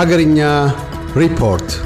Hagarinya Report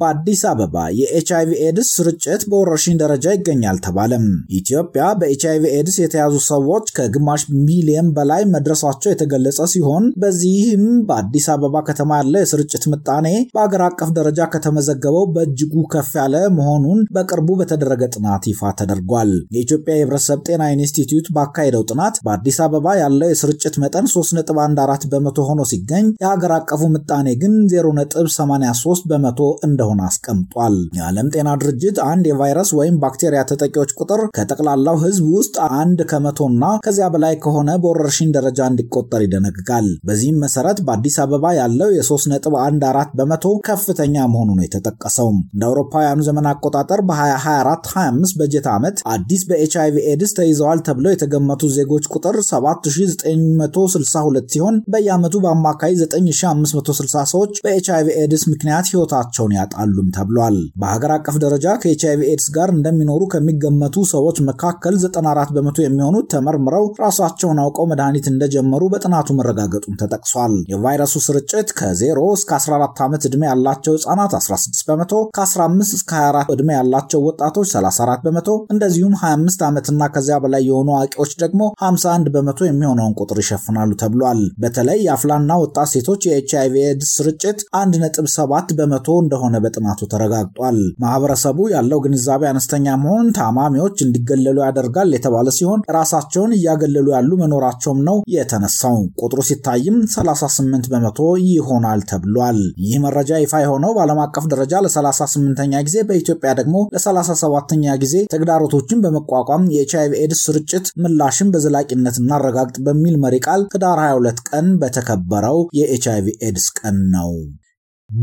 በአዲስ አበባ የኤችአይቪ ኤድስ ስርጭት በወረርሽኝ ደረጃ ይገኛል ተባለም። ኢትዮጵያ በኤችአይቪ ኤድስ የተያዙ ሰዎች ከግማሽ ሚሊየን በላይ መድረሳቸው የተገለጸ ሲሆን በዚህም በአዲስ አበባ ከተማ ያለ የስርጭት ምጣኔ በአገር አቀፍ ደረጃ ከተመዘገበው በእጅጉ ከፍ ያለ መሆኑን በቅርቡ በተደረገ ጥናት ይፋ ተደርጓል። የኢትዮጵያ የህብረተሰብ ጤና ኢንስቲትዩት ባካሄደው ጥናት በአዲስ አበባ ያለው የስርጭት መጠን 3.14 በመቶ ሆኖ ሲገኝ የሀገር አቀፉ ምጣኔ ግን 0.83 በመቶ እንደ እንደሆነ አስቀምጧል። የዓለም ጤና ድርጅት አንድ የቫይረስ ወይም ባክቴሪያ ተጠቂዎች ቁጥር ከጠቅላላው ህዝብ ውስጥ አንድ ከመቶና ከዚያ በላይ ከሆነ በወረርሽኝ ደረጃ እንዲቆጠር ይደነግጋል። በዚህም መሰረት በአዲስ አበባ ያለው የ3.14 በመቶ ከፍተኛ መሆኑ ነው የተጠቀሰው። እንደ አውሮፓውያኑ ዘመን አቆጣጠር በ2024/25 በጀት ዓመት አዲስ በኤችአይቪ ኤድስ ተይዘዋል ተብለው የተገመቱ ዜጎች ቁጥር 7962 ሲሆን በየዓመቱ በአማካይ 9560 ሰዎች በኤችአይቪ ኤድስ ምክንያት ህይወታቸውን ያጣል። ይወጣሉም ተብሏል። በሀገር አቀፍ ደረጃ ከኤች ኤድስ ጋር እንደሚኖሩ ከሚገመቱ ሰዎች መካከል 94 በመቶ የሚሆኑት ተመርምረው ራሳቸውን አውቀው መድኃኒት እንደጀመሩ በጥናቱ መረጋገጡም ተጠቅሷል። የቫይረሱ ስርጭት ከ0 እስከ 14 ዓመት ዕድሜ ያላቸው ህጻናት 16 በመቶ፣ ከ15 እስከ 24 ዕድሜ ያላቸው ወጣቶች 34 በመቶ፣ እንደዚሁም 25 ዓመትና ከዚያ በላይ የሆኑ አዋቂዎች ደግሞ 51 በመቶ የሚሆነውን ቁጥር ይሸፍናሉ ተብሏል። በተለይ የአፍላና ወጣት ሴቶች የኤች ኤድስ ስርጭት 1.7 በመቶ እንደሆነ በጥናቱ ተረጋግጧል። ማህበረሰቡ ያለው ግንዛቤ አነስተኛ መሆን ታማሚዎች እንዲገለሉ ያደርጋል የተባለ ሲሆን ራሳቸውን እያገለሉ ያሉ መኖራቸውም ነው የተነሳው። ቁጥሩ ሲታይም 38 በመቶ ይሆናል ተብሏል። ይህ መረጃ ይፋ የሆነው በዓለም አቀፍ ደረጃ ለ38ኛ ጊዜ በኢትዮጵያ ደግሞ ለ37ኛ ጊዜ ተግዳሮቶችን በመቋቋም የኤች አይቪ ኤድስ ስርጭት ምላሽን በዘላቂነት እናረጋግጥ በሚል መሪ ቃል ህዳር 22 ቀን በተከበረው የኤች አይቪ ኤድስ ቀን ነው።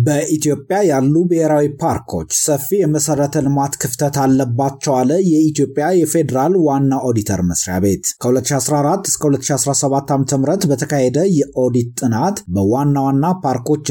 በኢትዮጵያ ያሉ ብሔራዊ ፓርኮች ሰፊ የመሰረተ ልማት ክፍተት አለባቸው አለ የኢትዮጵያ የፌዴራል ዋና ኦዲተር መስሪያ ቤት። ከ2014 እስከ 2017 ዓ.ም በተካሄደ የኦዲት ጥናት በዋና ዋና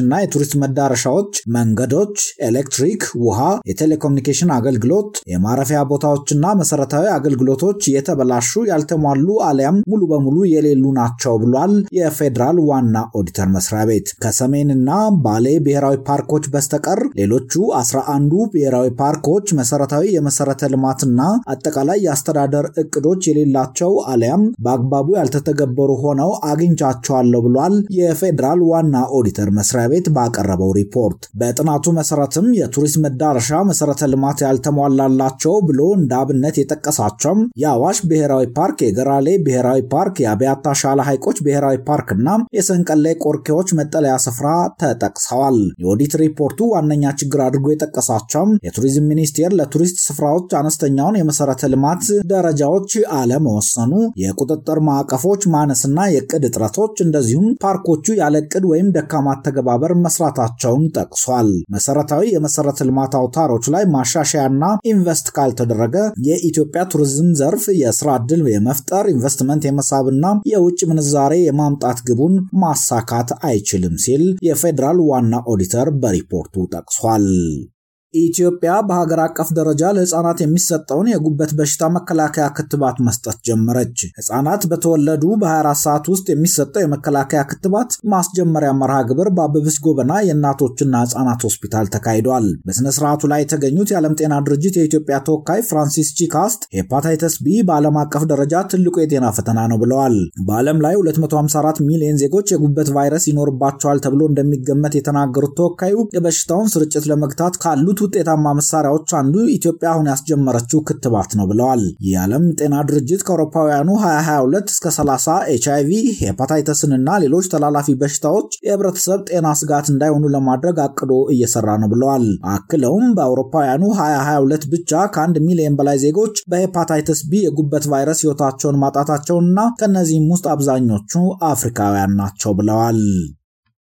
እና የቱሪስት መዳረሻዎች መንገዶች፣ ኤሌክትሪክ፣ ውሃ፣ የቴሌኮሙኒኬሽን አገልግሎት፣ የማረፊያ ቦታዎችና መሰረታዊ አገልግሎቶች የተበላሹ፣ ያልተሟሉ አሊያም ሙሉ በሙሉ የሌሉ ናቸው ብሏል የፌዴራል ዋና ኦዲተር መስሪያ ቤት። ከሰሜንና ባሌ ብሔ ብሔራዊ ፓርኮች በስተቀር ሌሎቹ 11 አንዱ ብሔራዊ ፓርኮች መሰረታዊ የመሰረተ ልማትና አጠቃላይ የአስተዳደር እቅዶች የሌላቸው አሊያም በአግባቡ ያልተተገበሩ ሆነው አግኝቻቸዋለሁ ብሏል የፌዴራል ዋና ኦዲተር መስሪያ ቤት ባቀረበው ሪፖርት። በጥናቱ መሰረትም የቱሪስት መዳረሻ መሰረተ ልማት ያልተሟላላቸው ብሎ እንደ አብነት የጠቀሳቸውም የአዋሽ ብሔራዊ ፓርክ፣ የገራሌ ብሔራዊ ፓርክ፣ የአብያታ ሻላ ሐይቆች ብሔራዊ ፓርክ እና የሰንቀሌ ቆርኬዎች መጠለያ ስፍራ ተጠቅሰዋል። የኦዲት ሪፖርቱ ዋነኛ ችግር አድርጎ የጠቀሳቸውም የቱሪዝም ሚኒስቴር ለቱሪስት ስፍራዎች አነስተኛውን የመሰረተ ልማት ደረጃዎች አለመወሰኑ፣ የቁጥጥር ማዕቀፎች ማነስና የቅድ እጥረቶች እንደዚሁም ፓርኮቹ ያለ ቅድ ወይም ደካማ አተገባበር መስራታቸውን ጠቅሷል። መሰረታዊ የመሰረተ ልማት አውታሮች ላይ ማሻሻያና ኢንቨስት ካልተደረገ የኢትዮጵያ ቱሪዝም ዘርፍ የስራ ዕድል የመፍጠር ኢንቨስትመንት የመሳብና የውጭ ምንዛሬ የማምጣት ግቡን ማሳካት አይችልም ሲል የፌዴራል ዋና ኦዲት ኦዲተር በሪፖርቱ ጠቅሷል። ኢትዮጵያ በሀገር አቀፍ ደረጃ ለህፃናት የሚሰጠውን የጉበት በሽታ መከላከያ ክትባት መስጠት ጀመረች። ህፃናት በተወለዱ በ24 ሰዓት ውስጥ የሚሰጠው የመከላከያ ክትባት ማስጀመሪያ መርሃ ግብር በአበብስ ጎበና የእናቶችና ህፃናት ሆስፒታል ተካሂዷል። በሥነ ሥርዓቱ ላይ የተገኙት የዓለም ጤና ድርጅት የኢትዮጵያ ተወካይ ፍራንሲስ ቺካስት ሄፓታይተስ ቢ በዓለም አቀፍ ደረጃ ትልቁ የጤና ፈተና ነው ብለዋል። በዓለም ላይ 254 ሚሊዮን ዜጎች የጉበት ቫይረስ ይኖርባቸዋል ተብሎ እንደሚገመት የተናገሩት ተወካዩ የበሽታውን ስርጭት ለመግታት ካሉት ውጤታማ መሳሪያዎች አንዱ ኢትዮጵያ አሁን ያስጀመረችው ክትባት ነው ብለዋል። የዓለም ጤና ድርጅት ከአውሮፓውያኑ 2022 እስከ 30 ኤች አይቪ ሄፓታይተስንና ሌሎች ተላላፊ በሽታዎች የህብረተሰብ ጤና ስጋት እንዳይሆኑ ለማድረግ አቅዶ እየሰራ ነው ብለዋል። አክለውም በአውሮፓውያኑ 2022 ብቻ ከአንድ ሚሊዮን በላይ ዜጎች በሄፓታይተስ ቢ የጉበት ቫይረስ ህይወታቸውን ማጣታቸውንና ከእነዚህም ውስጥ አብዛኞቹ አፍሪካውያን ናቸው ብለዋል።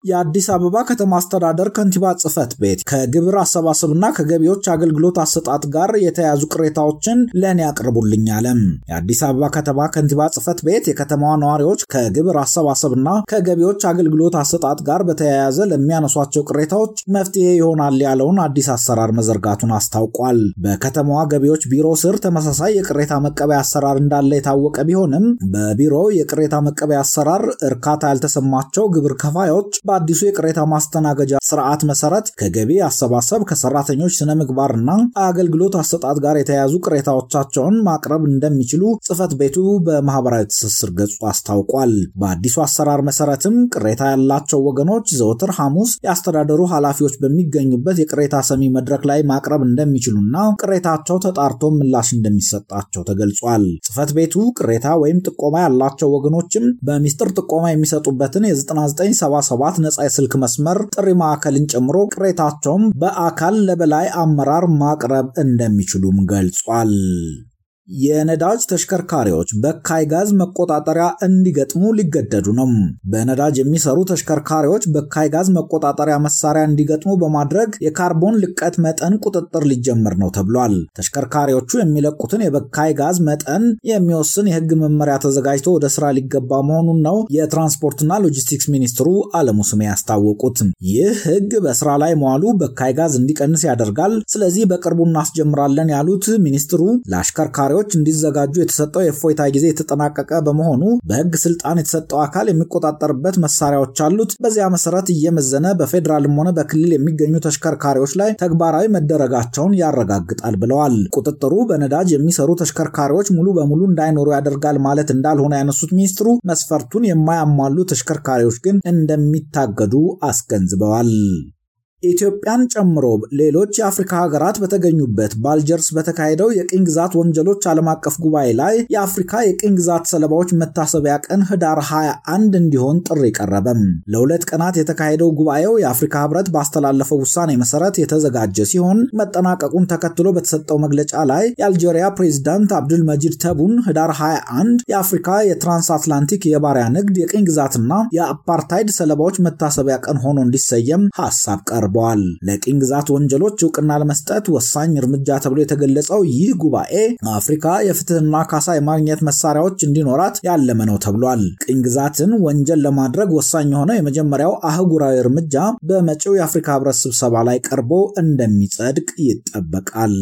የአዲስ አበባ ከተማ አስተዳደር ከንቲባ ጽህፈት ቤት ከግብር አሰባሰብና ከገቢዎች አገልግሎት አሰጣጥ ጋር የተያያዙ ቅሬታዎችን ለእኔ ያቅርቡልኝ አለም። የአዲስ አበባ ከተማ ከንቲባ ጽህፈት ቤት የከተማዋ ነዋሪዎች ከግብር አሰባሰብና ከገቢዎች አገልግሎት አሰጣጥ ጋር በተያያዘ ለሚያነሷቸው ቅሬታዎች መፍትሄ ይሆናል ያለውን አዲስ አሰራር መዘርጋቱን አስታውቋል። በከተማዋ ገቢዎች ቢሮ ስር ተመሳሳይ የቅሬታ መቀበያ አሰራር እንዳለ የታወቀ ቢሆንም በቢሮው የቅሬታ መቀበያ አሰራር እርካታ ያልተሰማቸው ግብር ከፋዮች በአዲሱ የቅሬታ ማስተናገጃ ስርዓት መሰረት ከገቢ አሰባሰብ ከሰራተኞች ስነ ምግባርና አገልግሎት አሰጣጥ ጋር የተያያዙ ቅሬታዎቻቸውን ማቅረብ እንደሚችሉ ጽህፈት ቤቱ በማህበራዊ ትስስር ገጹ አስታውቋል። በአዲሱ አሰራር መሰረትም ቅሬታ ያላቸው ወገኖች ዘወትር ሐሙስ የአስተዳደሩ ኃላፊዎች በሚገኙበት የቅሬታ ሰሚ መድረክ ላይ ማቅረብ እንደሚችሉና ቅሬታቸው ተጣርቶ ምላሽ እንደሚሰጣቸው ተገልጿል። ጽህፈት ቤቱ ቅሬታ ወይም ጥቆማ ያላቸው ወገኖችም በሚስጥር ጥቆማ የሚሰጡበትን የ9977 ነጻ የስልክ መስመር ጥሪ ማዕከልን ጨምሮ ቅሬታቸውም በአካል ለበላይ አመራር ማቅረብ እንደሚችሉም ገልጿል። የነዳጅ ተሽከርካሪዎች በካይ ጋዝ መቆጣጠሪያ እንዲገጥሙ ሊገደዱ ነው። በነዳጅ የሚሰሩ ተሽከርካሪዎች በካይ ጋዝ መቆጣጠሪያ መሳሪያ እንዲገጥሙ በማድረግ የካርቦን ልቀት መጠን ቁጥጥር ሊጀመር ነው ተብሏል። ተሽከርካሪዎቹ የሚለቁትን የበካይ ጋዝ መጠን የሚወስን የሕግ መመሪያ ተዘጋጅቶ ወደ ስራ ሊገባ መሆኑን ነው የትራንስፖርትና ሎጂስቲክስ ሚኒስትሩ አለሙ ስሜ ያስታወቁት። ይህ ሕግ በስራ ላይ መዋሉ በካይ ጋዝ እንዲቀንስ ያደርጋል። ስለዚህ በቅርቡ እናስጀምራለን ያሉት ሚኒስትሩ ለአሽከርካሪዎች ጉዳዮች እንዲዘጋጁ የተሰጠው የእፎይታ ጊዜ የተጠናቀቀ በመሆኑ በህግ ስልጣን የተሰጠው አካል የሚቆጣጠርበት መሳሪያዎች አሉት። በዚያ መሰረት እየመዘነ በፌዴራልም ሆነ በክልል የሚገኙ ተሽከርካሪዎች ላይ ተግባራዊ መደረጋቸውን ያረጋግጣል ብለዋል። ቁጥጥሩ በነዳጅ የሚሰሩ ተሽከርካሪዎች ሙሉ በሙሉ እንዳይኖሩ ያደርጋል ማለት እንዳልሆነ ያነሱት ሚኒስትሩ መስፈርቱን የማያሟሉ ተሽከርካሪዎች ግን እንደሚታገዱ አስገንዝበዋል። ኢትዮጵያን ጨምሮ ሌሎች የአፍሪካ ሀገራት በተገኙበት ባልጀርስ በተካሄደው የቅኝ ግዛት ወንጀሎች ዓለም አቀፍ ጉባኤ ላይ የአፍሪካ የቅኝ ግዛት ሰለባዎች መታሰቢያ ቀን ህዳር 21 እንዲሆን ጥሪ ቀረበም። ለሁለት ቀናት የተካሄደው ጉባኤው የአፍሪካ ህብረት ባስተላለፈው ውሳኔ መሰረት የተዘጋጀ ሲሆን መጠናቀቁን ተከትሎ በተሰጠው መግለጫ ላይ የአልጄሪያ ፕሬዚዳንት አብዱል መጂድ ተቡን ህዳር 21 የአፍሪካ የትራንስ አትላንቲክ የባሪያ ንግድ የቅኝ ግዛትና የአፓርታይድ ሰለባዎች መታሰቢያ ቀን ሆኖ እንዲሰየም ሀሳብ ቀርቧል። ቀርበዋል። ለቅኝ ግዛት ወንጀሎች እውቅና ለመስጠት ወሳኝ እርምጃ ተብሎ የተገለጸው ይህ ጉባኤ አፍሪካ የፍትህና ካሳ የማግኘት መሳሪያዎች እንዲኖራት ያለመ ነው ተብሏል። ቅኝ ግዛትን ወንጀል ለማድረግ ወሳኝ የሆነው የመጀመሪያው አህጉራዊ እርምጃ በመጪው የአፍሪካ ህብረት ስብሰባ ላይ ቀርቦ እንደሚጸድቅ ይጠበቃል።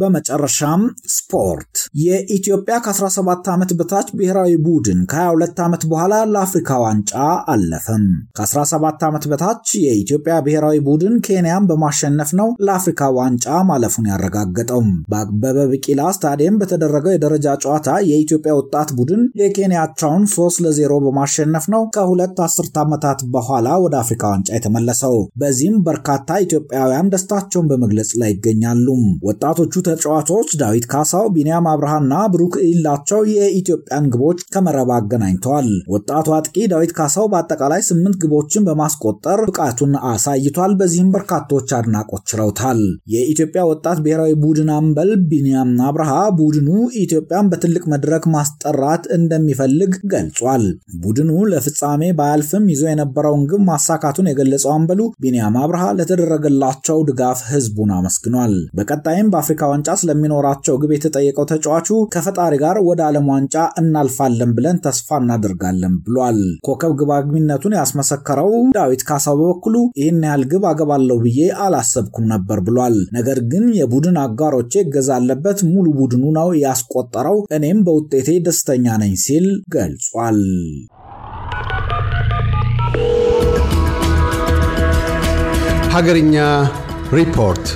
በመጨረሻም ስፖርት። የኢትዮጵያ ከ17 ዓመት በታች ብሔራዊ ቡድን ከ22 ዓመት በኋላ ለአፍሪካ ዋንጫ አለፈም። ከ17 ዓመት በታች የኢትዮጵያ ብሔራዊ ቡድን ኬንያን በማሸነፍ ነው ለአፍሪካ ዋንጫ ማለፉን ያረጋገጠው። በአበበ ቢቂላ ስታዲየም በተደረገው የደረጃ ጨዋታ የኢትዮጵያ ወጣት ቡድን የኬንያቻውን 3 ለ0 በማሸነፍ ነው ከሁለት አስርት ዓመታት በኋላ ወደ አፍሪካ ዋንጫ የተመለሰው። በዚህም በርካታ ኢትዮጵያውያን ደስታቸውን በመግለጽ ላይ ይገኛሉ። ወጣቶቹ ተጫዋቾች ዳዊት ካሳው፣ ቢንያም አብርሃና ብሩክ ኢላቸው የኢትዮጵያን ግቦች ከመረብ አገናኝተዋል። ወጣቱ አጥቂ ዳዊት ካሳው በአጠቃላይ ስምንት ግቦችን በማስቆጠር ብቃቱን አሳይቷል። በዚህም በርካቶች አድናቆት ችለውታል። የኢትዮጵያ ወጣት ብሔራዊ ቡድን አምበል ቢንያም አብርሃ ቡድኑ ኢትዮጵያን በትልቅ መድረክ ማስጠራት እንደሚፈልግ ገልጿል። ቡድኑ ለፍጻሜ ባያልፍም ይዞ የነበረውን ግብ ማሳካቱን የገለጸው አምበሉ ቢንያም አብርሃ ለተደረገላቸው ድጋፍ ህዝቡን አመስግኗል። በቀጣይም በአፍሪካ ዋንጫ ስለሚኖራቸው ግብ የተጠየቀው ተጫዋቹ ከፈጣሪ ጋር ወደ ዓለም ዋንጫ እናልፋለን ብለን ተስፋ እናደርጋለን ብሏል። ኮከብ ግብ አግቢነቱን ያስመሰከረው ዳዊት ካሳው በበኩሉ ይህን ያህል ግብ አገባለሁ ብዬ አላሰብኩም ነበር ብሏል። ነገር ግን የቡድን አጋሮቼ እገዛ አለበት፣ ሙሉ ቡድኑ ነው ያስቆጠረው፣ እኔም በውጤቴ ደስተኛ ነኝ ሲል ገልጿል። ሀገርኛ ሪፖርት